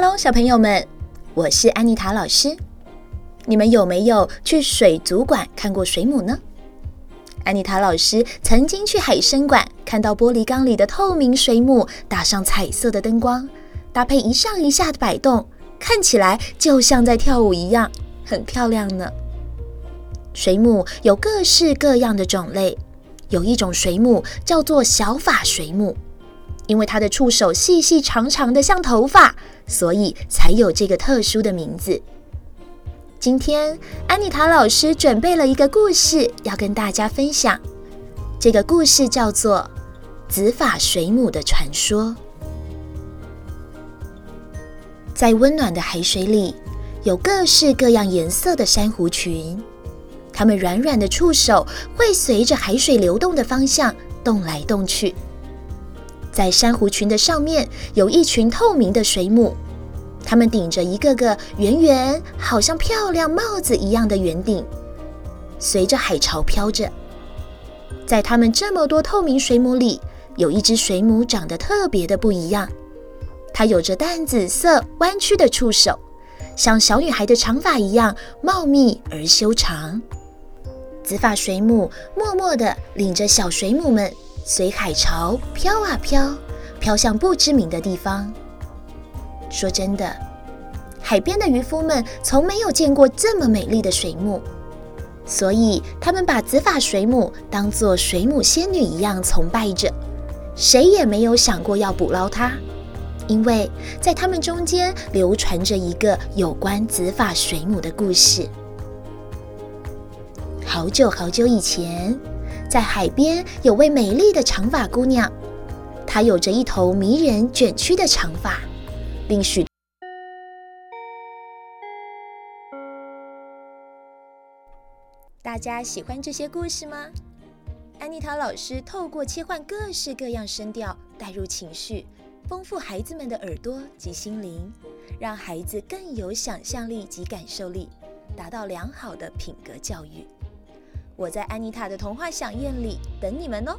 哈囉，小朋友們，我是安妮塔老師。你們有沒有去水族館看過水母呢？安妮塔老師曾經去海生館，看到玻璃缸裡的透明水母，打上彩色的燈光，搭配一上一下的擺動，看起來就像在跳舞一樣，很漂亮呢。水母有各式各樣的種類，有一種水母叫做小髮水母。因為它的觸手細細長長的像頭髮，所以才有這個特殊的名字。今天，安妮塔老師準備了一個故事要跟大家分享。這個故事叫做《紫髮水母的傳說》。在溫暖的海水裡，有各式各樣顏色的珊瑚群，它們軟軟的觸手會隨着海水流動的方向動來動去。在珊瑚群的上面有一群透明的水母，它們頂着一個個圓圓、好像漂亮帽子一樣的圓頂，隨着海潮飄着。在它們這麼多透明水母裡，有一隻水母長得特別的不一樣，它有着淡紫色彎曲的觸手，像小女孩的長髮一樣茂密而修長。紫髮水母默默地領着小水母們。隨海潮飄啊飄，飄向不知名的地方。說真的，海邊的漁夫們從沒有見過這麼美麗的水母，所以他們把紫髮水母當作水母仙女一樣崇拜着。誰也沒有想過要捕撈它，因為在他們中間流傳着一個有關紫髮水母的故事。好久好久以前。在海邊有位美麗的長髮姑娘，她有着一頭迷人卷曲的長髮，並許。大家喜歡這些故事嗎？安妮塔老師透過切換各式各樣聲調，帶入情緒，豐富孩子們的耳朵及心靈，讓孩子更有想象力及感受力，達到良好的品格教育。我在安妮塔的童話饗宴裡等你們哦。